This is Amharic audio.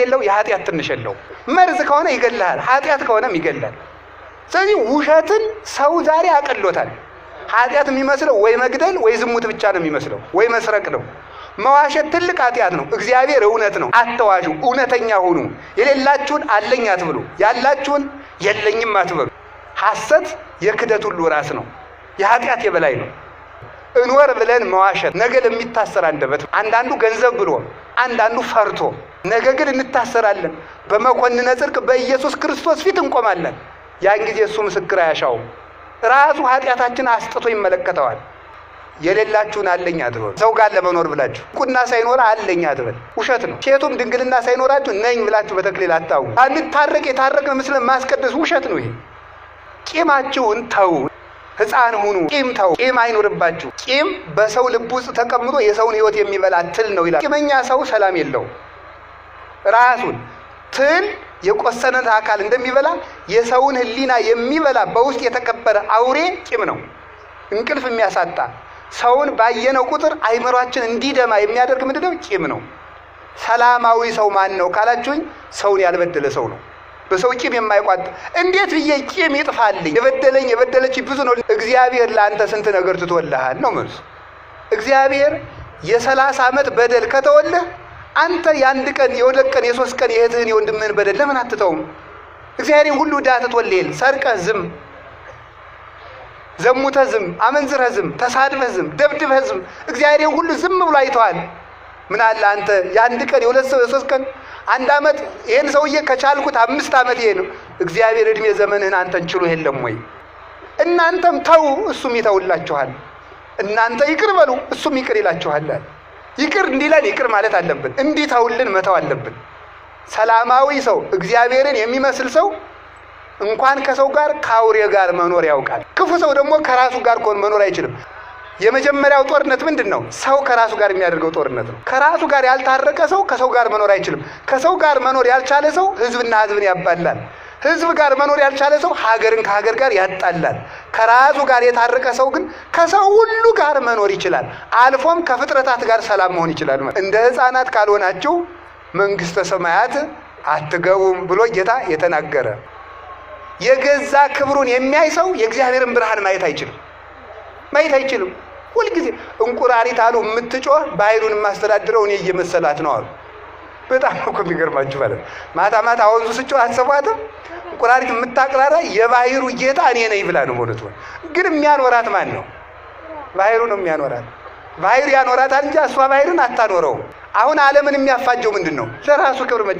የሌለው የኃጢአት ትንሽ የለው። መርዝ ከሆነ ይገላል፣ ኃጢአት ከሆነም ይገላል። ስለዚህ ውሸትን ሰው ዛሬ አቀሎታል። ኃጢአት የሚመስለው ወይ መግደል ወይ ዝሙት ብቻ ነው የሚመስለው፣ ወይ መስረቅ ነው። መዋሸት ትልቅ ኃጢአት ነው። እግዚአብሔር እውነት ነው፣ አተዋሹ፣ እውነተኛ ሁኑ። የሌላችሁን አለኝ አትብሉ፣ ያላችሁን የለኝም አትበሉ። ሐሰት የክደት ሁሉ ራስ ነው፣ የኃጢአት የበላይ ነው። እንወር ብለን መዋሸት ነገ ለሚታሰር አንደበት፣ አንዳንዱ ገንዘብ ብሎ፣ አንዳንዱ ፈርቶ ነገ ግን እንታሰራለን፣ በመኮንነ ጽድቅ በኢየሱስ ክርስቶስ ፊት እንቆማለን። ያን ጊዜ እሱ ምስክር አያሻውም። ራሱ ኃጢአታችን አስጥቶ ይመለከተዋል። የሌላችሁን አለኝ አትበል። ሰው ጋር ለመኖር ብላችሁ ቁና ሳይኖር አለኝ አትበል፣ ውሸት ነው። ሴቱም ድንግልና ሳይኖራችሁ ነኝ ብላችሁ በተክሊል አታው። አንታረቅ የታረቅን ምስለ ማስቀደስ ውሸት ነው። ይሄ ቂማችሁን ተው። ሕፃን ሁኑ። ቂም ተው። ቂም አይኖርባችሁ። ቂም በሰው ልብ ውስጥ ተቀምጦ የሰውን ሕይወት የሚበላ ትል ነው ይላል። ቂመኛ ሰው ሰላም የለውም። ራሱን ትል የቆሰነት አካል እንደሚበላ የሰውን ህሊና የሚበላ በውስጥ የተከበረ አውሬ ቂም ነው። እንቅልፍ የሚያሳጣ ሰውን ባየነው ቁጥር አይምሯችን እንዲደማ የሚያደርግ ምንድነው? ቂም ነው። ሰላማዊ ሰው ማን ነው ካላችሁኝ፣ ሰውን ያልበደለ ሰው ነው። በሰው ቂም የማይቋጥ እንዴት ብዬ ቂም ይጥፋልኝ? የበደለኝ የበደለች ብዙ ነው። እግዚአብሔር ለአንተ ስንት ነገር ትቶልሃል ነው መልሱ። እግዚአብሔር የሰላሳ ዓመት በደል ከተወለህ አንተ የአንድ ቀን የሁለት ቀን የሶስት ቀን የእህትህን የወንድምህን በደል ለምን አትተውም? እግዚአብሔርን ሁሉ ዳ ትቶልሃል። ሰርቀህ ዝም፣ ዘሙተህ ዝም፣ አመንዝረህ ዝም፣ ተሳድበህ ዝም፣ ደብድበህ ዝም፣ እግዚአብሔርን ሁሉ ዝም ብሎ አይተዋል። ምን አለ አንተ የአንድ ቀን የሁለት ሰው የሶስት ቀን አንድ ዓመት ይሄን ሰውዬ ከቻልኩት አምስት ዓመት ይሄ ነው። እግዚአብሔር እድሜ ዘመንህን አንተን ችሎ የለም ወይ? እናንተም ተው እሱም ይተውላችኋል። እናንተ ይቅር በሉ እሱም ይቅር ይላችኋል። ይቅር እንዲለን ይቅር ማለት አለብን። እንዲተውልን መተው አለብን። ሰላማዊ ሰው እግዚአብሔርን የሚመስል ሰው እንኳን ከሰው ጋር ከአውሬ ጋር መኖር ያውቃል። ክፉ ሰው ደግሞ ከራሱ ጋር መኖር አይችልም። የመጀመሪያው ጦርነት ምንድን ነው? ሰው ከራሱ ጋር የሚያደርገው ጦርነት ነው። ከራሱ ጋር ያልታረቀ ሰው ከሰው ጋር መኖር አይችልም። ከሰው ጋር መኖር ያልቻለ ሰው ህዝብና ህዝብን ያባላል። ህዝብ ጋር መኖር ያልቻለ ሰው ሀገርን ከሀገር ጋር ያጣላል። ከራሱ ጋር የታረቀ ሰው ግን ከሰው ሁሉ ጋር መኖር ይችላል። አልፎም ከፍጥረታት ጋር ሰላም መሆን ይችላል። እንደ ሕፃናት ካልሆናችሁ መንግስተ ሰማያት አትገቡም ብሎ ጌታ የተናገረ የገዛ ክብሩን የሚያይ ሰው የእግዚአብሔርን ብርሃን ማየት አይችልም፣ ማየት አይችልም። ሁልጊዜ እንቁራሪት አሉ የምትጮህ ባህሩን የማስተዳድረው እኔ እየመሰላት ነው አሉ። በጣም እኮ የሚገርማችሁ ማለት ነው። ማታ ማታ ወንዙ ስጮህ አትሰፏትም? እንቁላሊት የምታቅላራ የባህሩ ጌታ እኔ ነኝ ብላ ነው በእውነቱ። ግን የሚያኖራት ማን ነው? ባህሩ ነው የሚያኖራት። ባህሩ ያኖራታል እንጂ እሷ ባህርን አታኖረውም። አሁን ዓለምን የሚያፋጀው ምንድን ነው? ለራሱ ክብር